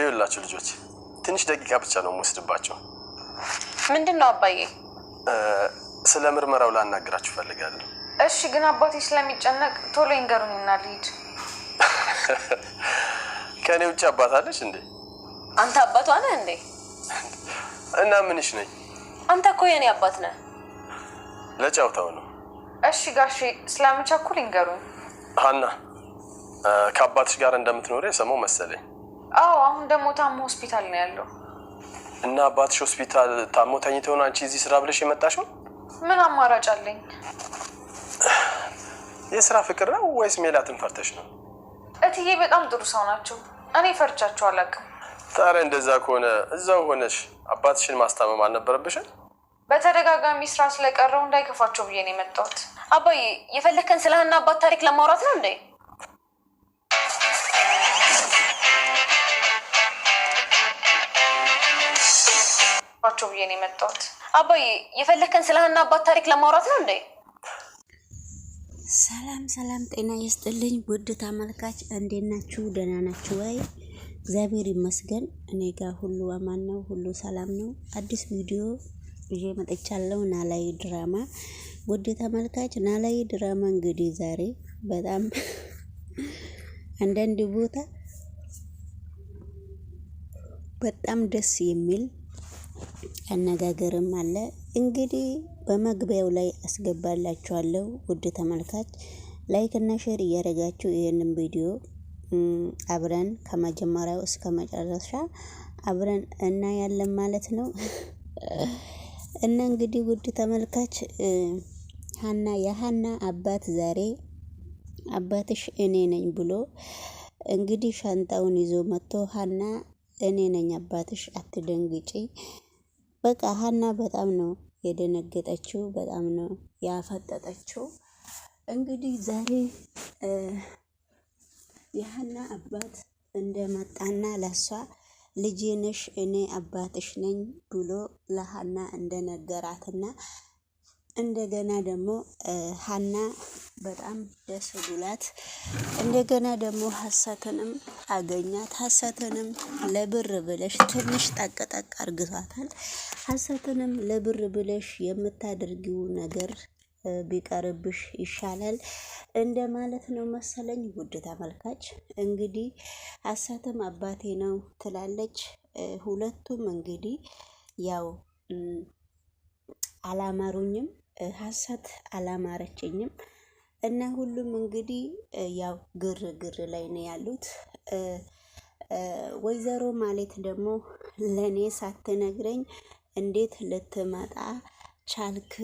ይኸውላችሁ ልጆች ትንሽ ደቂቃ ብቻ ነው የምወስድባቸው። ምንድን ነው አባዬ? ስለ ምርመራው ላናግራችሁ እፈልጋለሁ። እሺ፣ ግን አባቴ ስለሚጨነቅ ቶሎ ይንገሩኝና ልሂድ። ከእኔ ውጭ አባት አለሽ እንዴ? አንተ አባቷ ነህ እንዴ? እና ምንሽ ነኝ? አንተ እኮ የእኔ አባት ነህ። ለጫውታው ነው። እሺ ጋሼ፣ ስለምቸኩል ይንገሩኝ። ሀና ከአባትሽ ጋር እንደምትኖር የሰማው መሰለኝ አዎ አሁን ደግሞ ታሞ ሆስፒታል ነው ያለው። እና አባትሽ ሆስፒታል ታሞ ተኝተውን አንቺ እዚህ ስራ ብለሽ የመጣሽው ምን አማራጭ አለኝ? የስራ ፍቅር ነው ወይስ ሜላትን ፈርተሽ ነው? እትዬ በጣም ጥሩ ሰው ናቸው። እኔ ፈርቻቸው አላውቅም። ታዲያ እንደዛ ከሆነ እዛው ሆነሽ አባትሽን ማስታመም አልነበረብሽም? በተደጋጋሚ ስራ ስለቀረው እንዳይከፋቸው ብዬ ነው የመጣሁት። አባዬ የፈለከን ስለህና አባት ታሪክ ለማውራት ነው እንዴ? ናቸው ብዬ ነው የመጣሁት። አባዬ የፈለከን ስለ ሀና አባት ታሪክ ለማውራት ነው እንዴ? ሰላም ሰላም፣ ጤና ይስጥልኝ ውድ ተመልካች፣ እንዴት ናችሁ? ደህና ናችሁ ወይ? እግዚአብሔር ይመስገን፣ እኔ ጋር ሁሉ አማን ነው፣ ሁሉ ሰላም ነው። አዲስ ቪዲዮ ይዤ መጥቻለሁ፣ ናላይ ድራማ። ውድ ተመልካች፣ ናላይ ድራማ እንግዲህ ዛሬ በጣም አንዳንድ ቦታ በጣም ደስ የሚል አነጋገርም አለ። እንግዲህ በመግቢያው ላይ አስገባላችኋለሁ። ውድ ተመልካች ላይክ እና ሼር እያደረጋችሁ ይህንን ቪዲዮ አብረን ከመጀመሪያው እስከ መጨረሻ አብረን እናያለን ማለት ነው። እና እንግዲህ ውድ ተመልካች ሀና የሀና አባት ዛሬ አባትሽ እኔ ነኝ ብሎ እንግዲህ ሻንጣውን ይዞ መጥቶ ሀና እኔ ነኝ አባትሽ፣ አትደንግጪ በቃ ሀና በጣም ነው የደነገጠችው፣ በጣም ነው ያፈጠጠችው። እንግዲህ ዛሬ የሀና አባት እንደመጣና ለሷ ልጄ ነሽ እኔ አባትሽ ነኝ ብሎ ለሀና እንደነገራትና እንደገና ደግሞ ሀና በጣም ደስ ብሏት እንደገና ደግሞ ሀሰትንም አገኛት። ሀሰትንም ለብር ብለሽ ትንሽ ጠቅጠቅ አርግቷታል። ሀሰትንም ለብር ብለሽ የምታደርጊው ነገር ቢቀርብሽ ይሻላል እንደ ማለት ነው መሰለኝ። ውድ ተመልካች እንግዲህ ሀሰትም አባቴ ነው ትላለች። ሁለቱም እንግዲህ ያው አላማሩኝም ሀሳት አላማረችኝም እና ሁሉም እንግዲህ ያው ግርግር ላይ ነው ያሉት። ወይዘሮ ማለት ደግሞ ለእኔ ሳትነግረኝ እንዴት ልትመጣ ቻልክ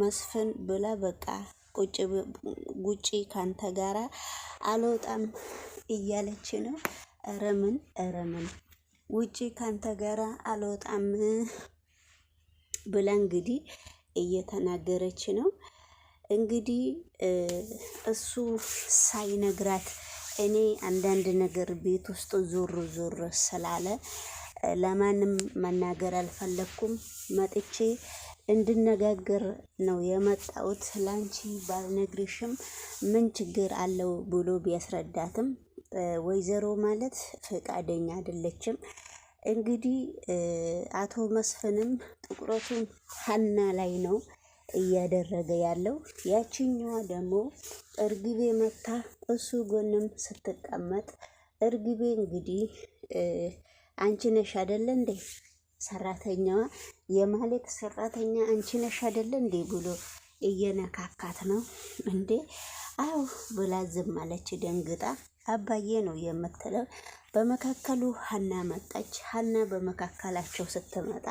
መስፍን ብላ በቃ ጉጪ ካንተ ጋራ አልወጣም እያለች ነው። ረምን ረምን ውጪ ካንተ ጋራ አልወጣም ብላ እንግዲህ እየተናገረች ነው። እንግዲህ እሱ ሳይነግራት እኔ አንዳንድ ነገር ቤት ውስጥ ዞር ዞር ስላለ ለማንም መናገር አልፈለግኩም። መጥቼ እንድነጋገር ነው የመጣሁት። ላንቺ ባልነግርሽም ምን ችግር አለው ብሎ ቢያስረዳትም ወይዘሮ ማለት ፈቃደኛ አይደለችም። እንግዲህ አቶ መስፍንም ትኩረቱን ሀና ላይ ነው እያደረገ ያለው። ያችኛዋ ደግሞ እርግቤ መታ እሱ ጎንም ስትቀመጥ እርግቤ እንግዲህ አንቺ ነሽ አይደለ እንዴ ሰራተኛዋ የማሌክ ሰራተኛ አንቺ ነሽ አይደለ እንዴ ብሎ እየነካካት ነው እንዴ አው ብላ ዝም አለች ደንግጣ። አባዬ ነው የምትለው በመካከሉ ሀና መጣች። ሀና በመካከላቸው ስትመጣ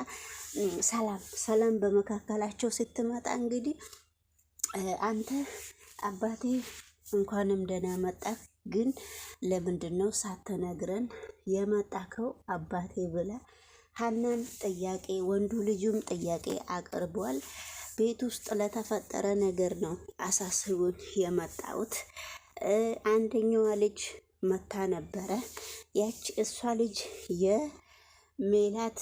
ሰላም ሰላም በመካከላቸው ስትመጣ እንግዲህ አንተ አባቴ እንኳንም ደህና መጣ ግን ለምንድን ነው ሳትነግረን የመጣከው አባቴ ብላ ሀናን ጥያቄ ወንዱ ልጁም ጥያቄ አቅርቧል። ቤት ውስጥ ለተፈጠረ ነገር ነው አሳስቡን የመጣሁት። አንደኛዋ ልጅ መታ ነበረ። ያች እሷ ልጅ የሜላት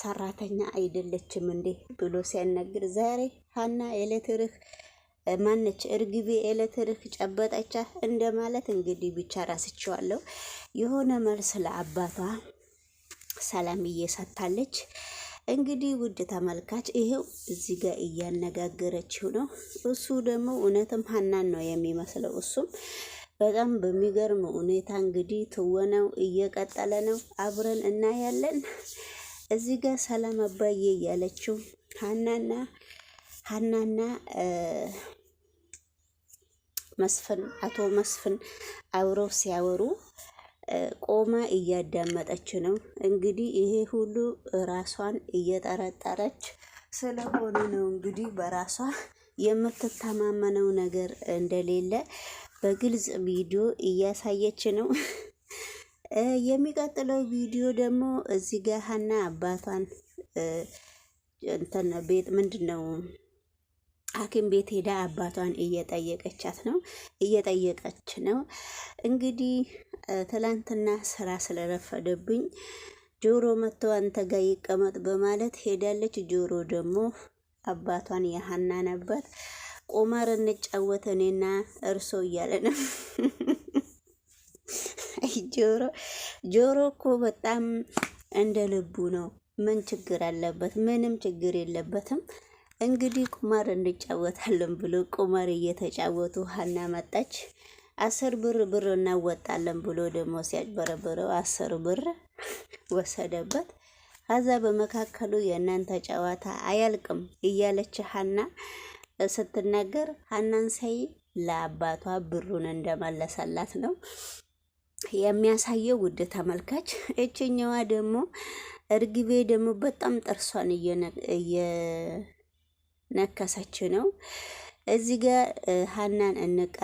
ሰራተኛ አይደለችም እንዴ ብሎ ሲያናግር ዛሬ ሀና ኤሌክትሪክ ማነች እርግቤ ኤሌክትሪክ ጨበጠቻ እንደማለት እንግዲህ ብቻ ራስችዋለሁ። የሆነ መልስ ለአባቷ ሰላም እየሰታለች። እንግዲህ ውድ ተመልካች ይሄው እዚህ ጋር እያነጋገረችው ነው። እሱ ደግሞ እውነትም ሀናን ነው የሚመስለው እሱም በጣም በሚገርም ሁኔታ እንግዲህ ትወነው እየቀጠለ ነው። አብረን እናያለን። እዚህ ጋር ሰላም አባዬ እያለችው ሀናና ሀናና መስፍን አቶ መስፍን አብረው ሲያወሩ ቆማ እያዳመጠች ነው። እንግዲህ ይሄ ሁሉ ራሷን እየጠረጠረች ስለሆነ ነው እንግዲህ በራሷ የምትተማመነው ነገር እንደሌለ በግልጽ ቪዲዮ እያሳየች ነው። የሚቀጥለው ቪዲዮ ደግሞ እዚህ ጋር ሀና አባቷን እንትን ቤት ምንድን ነው ሐኪም ቤት ሄዳ አባቷን እየጠየቀቻት ነው እየጠየቀች ነው። እንግዲህ ትላንትና ስራ ስለረፈደብኝ ጆሮ መጥቶ አንተ ጋር ይቀመጥ በማለት ሄዳለች። ጆሮ ደግሞ አባቷን የሀናን አባት ቁማር እንጫወት እኔና እርሶ እያለ ነው። ጆሮ ጆሮ እኮ በጣም እንደ ልቡ ነው። ምን ችግር አለበት? ምንም ችግር የለበትም። እንግዲህ ቁማር እንጫወታለን ብሎ ቁማር እየተጫወቱ ሀና መጣች። አስር ብር ብር እናወጣለን ብሎ ደግሞ ሲያጭበረብረው አስር ብር ወሰደበት። ከዛ በመካከሉ የእናንተ ጨዋታ አያልቅም እያለች ሀና ስትናገር ሀናን ሳይ ለአባቷ ብሩን እንደመለሰላት ነው የሚያሳየው። ውድ ተመልካች እችኛዋ ደግሞ እርግቤ ደግሞ በጣም ጥርሷን እየነከሰች ነው። እዚህ ጋር ሀናን እንቅ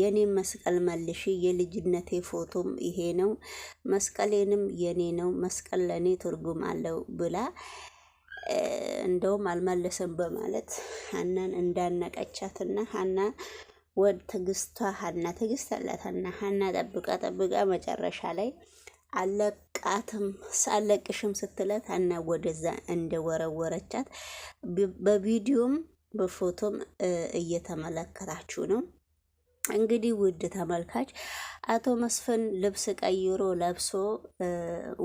የኔ መስቀል መልሽ፣ የልጅነቴ ፎቶም ይሄ ነው፣ መስቀሌንም የኔ ነው፣ መስቀል ለእኔ ትርጉም አለው ብላ እንደውም አልመለሰም በማለት ሀናን እንዳነቀቻትና ሀና ወድ ትግስቷ ሀና ትዕግስት አላትና ሀና ጠብቃ ጠብቃ መጨረሻ ላይ አለቃትም ሳለቅሽም ስትላት ሀና ወደዛ እንደወረወረቻት በቪዲዮም በፎቶም እየተመለከታችሁ ነው። እንግዲህ ውድ ተመልካች አቶ መስፍን ልብስ ቀይሮ ለብሶ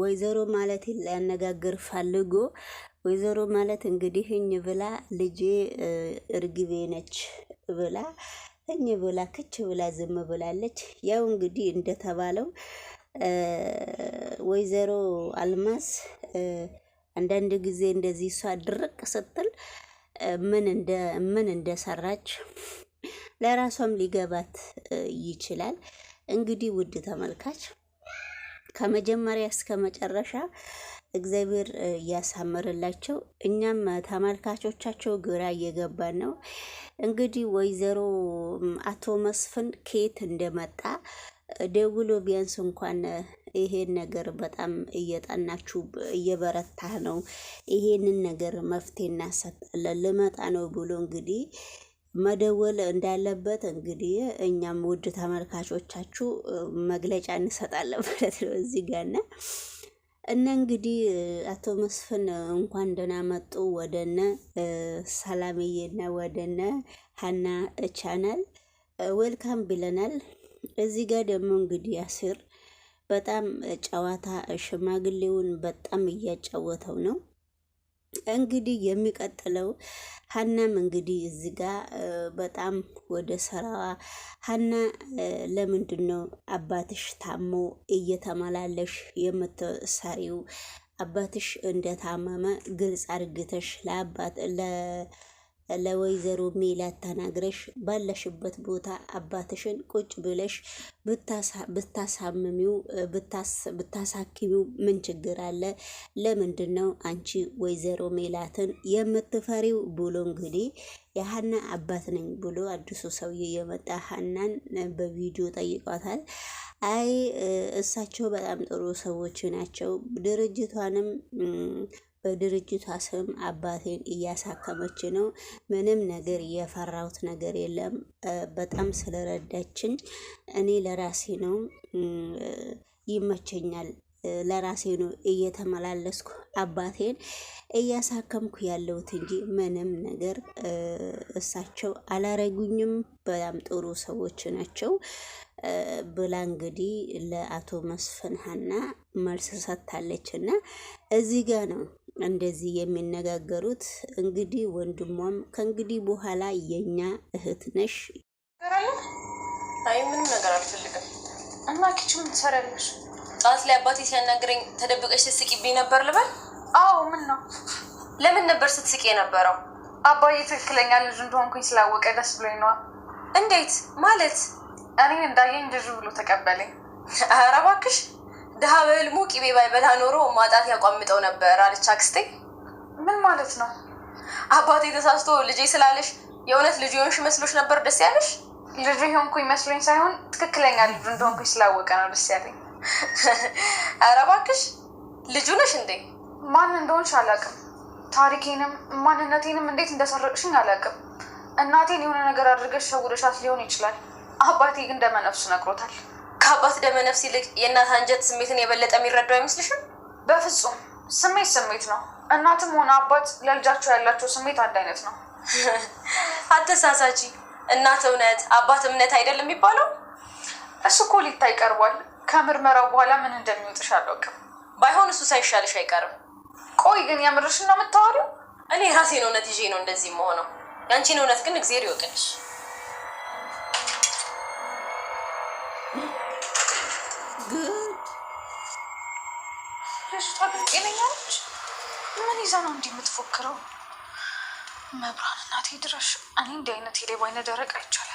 ወይዘሮ ማለት ሊያነጋግር ፈልጎ ወይዘሮ ማለት እንግዲህ እኝ ብላ ልጄ እርግቤ ነች ብላ እኝ ብላ ክች ብላ ዝም ብላለች። ያው እንግዲህ እንደተባለው ወይዘሮ አልማዝ አንዳንድ ጊዜ እንደዚህ እሷ ድርቅ ስትል ምን እንደ ምን እንደሰራች ለራሷም ሊገባት ይችላል። እንግዲህ ውድ ተመልካች ከመጀመሪያ እስከ መጨረሻ እግዚአብሔር እያሳምርላቸው። እኛም ተመልካቾቻቸው ግራ እየገባን ነው። እንግዲህ ወይዘሮ አቶ መስፍን ከየት እንደመጣ ደውሎ ቢያንስ እንኳን ይሄን ነገር በጣም እየጠናችሁ እየበረታ ነው፣ ይሄንን ነገር መፍትሄ እናሰጣለን ልመጣ ነው ብሎ እንግዲህ መደወል እንዳለበት እንግዲህ እኛም ውድ ተመልካቾቻችሁ መግለጫ እንሰጣለን ማለት ነው እዚህ ጋር እና እና እንግዲህ አቶ መስፍን እንኳን ደህና መጡ ወደነ ሰላምዬና ወደነ ሀና ቻናል ዌልካም ብለናል። እዚህ ጋር ደግሞ እንግዲህ ያሲር በጣም ጨዋታ ሽማግሌውን በጣም እያጫወተው ነው። እንግዲህ የሚቀጥለው ሀናም እንግዲህ እዚህ ጋር በጣም ወደ ስራዋ ሀና ለምንድን ነው አባትሽ ታሞ እየተመላለሽ የምትሰሪው? አባትሽ እንደታመመ ግልጽ አድርግተሽ ለአባት ለወይዘሮ ሜላት ተናግረሽ ባለሽበት ቦታ አባትሽን ቁጭ ብለሽ ብታሳምሚው ብታሳክሚው ምን ችግር አለ? ለምንድን ነው አንቺ ወይዘሮ ሜላትን የምትፈሪው? ብሎ እንግዲህ የሀና አባት ነኝ ብሎ አዲሱ ሰውዬ የመጣ ሀናን በቪዲዮ ጠይቋታል። አይ እሳቸው በጣም ጥሩ ሰዎች ናቸው ድርጅቷንም በድርጅቷ ስም አባቴን እያሳከመች ነው። ምንም ነገር የፈራሁት ነገር የለም። በጣም ስለረዳችን እኔ ለራሴ ነው ይመቸኛል ለራሴ ነው እየተመላለስኩ አባቴን እያሳከምኩ ያለሁት እንጂ ምንም ነገር እሳቸው አላረጉኝም። በጣም ጥሩ ሰዎች ናቸው ብላ እንግዲህ ለአቶ መስፍን ሀና መልስ ሰጥታለች እና እዚህ ጋ ነው እንደዚህ የሚነጋገሩት። እንግዲህ ወንድሟም ከእንግዲህ በኋላ የኛ እህት ነሽ። አይ ምንም ነገር አልፈልግም። እና ኪቹ ምን ትሰሪያለሽ? ጠዋት ላይ አባቴ ሲያናግረኝ ተደብቀሽ ስትስቂብኝ ነበር ልበል? አዎ። ምን ነው? ለምን ነበር ስትስቂ የነበረው? አባዬ ትክክለኛ ልጅ እንደሆንኩኝ ስላወቀ ደስ ብሎኝ ነዋ። እንዴት ማለት? እኔን እንዳየኝ ልጅ ብሎ ተቀበለኝ። ኧረ እባክሽ ድሀ በህልሙ ቅቤ ባይበላ ኖሮ ማጣት ያቋምጠው ነበር አለች አክስቴ። ምን ማለት ነው? አባቴ ተሳስቶ ልጄ ስላለሽ የእውነት ልጁ የሆንሽ መስሎሽ ነበር ደስ ያለሽ? ልጁ የሆንኩኝ መስሎኝ ሳይሆን ትክክለኛ ልጁ እንደሆንኩ ስላወቀ ነው ደስ ያለኝ። ኧረ እባክሽ ልጁ ነሽ እንዴ? ማን እንደሆንሽ አላውቅም። ታሪኬንም ማንነቴንም እንዴት እንደሰረቅሽኝ አላውቅም። እናቴን የሆነ ነገር አድርገሽ ሸውደሻት ሊሆን ይችላል። አባቴ ግን ደመነፍሱ ነግሮታል። ከአባት ደመ ነፍስ ይልቅ የእናት አንጀት ስሜትን የበለጠ የሚረዳው አይመስልሽም? በፍጹም ስሜት ስሜት ነው። እናትም ሆነ አባት ለልጃቸው ያላቸው ስሜት አንድ አይነት ነው። አተሳሳቺ እናት እውነት አባት እምነት አይደለም የሚባለው እሱ እኮ ሊታይ ቀርቧል። ከምርመራው በኋላ ምን እንደሚወጥሽ አላውቅም። ባይሆን እሱ ሳይሻልሽ አይቀርም። ቆይ ግን የምርሽ ነው የምታወሪው? እኔ ራሴን እውነት ይዤ ነው እንደዚህ መሆነው። ያንቺን እውነት ግን እግዜር ይወቅልሽ። ግድ ልጅቷ ግን ጤነኛ ነች? ምን ይዛ ነው እንዲህ የምትፎክረው? መብራን እናቴ ድረሽ። እኔ እንዲህ አይነት የሌባ አይነ ደረቅ አይቻልም።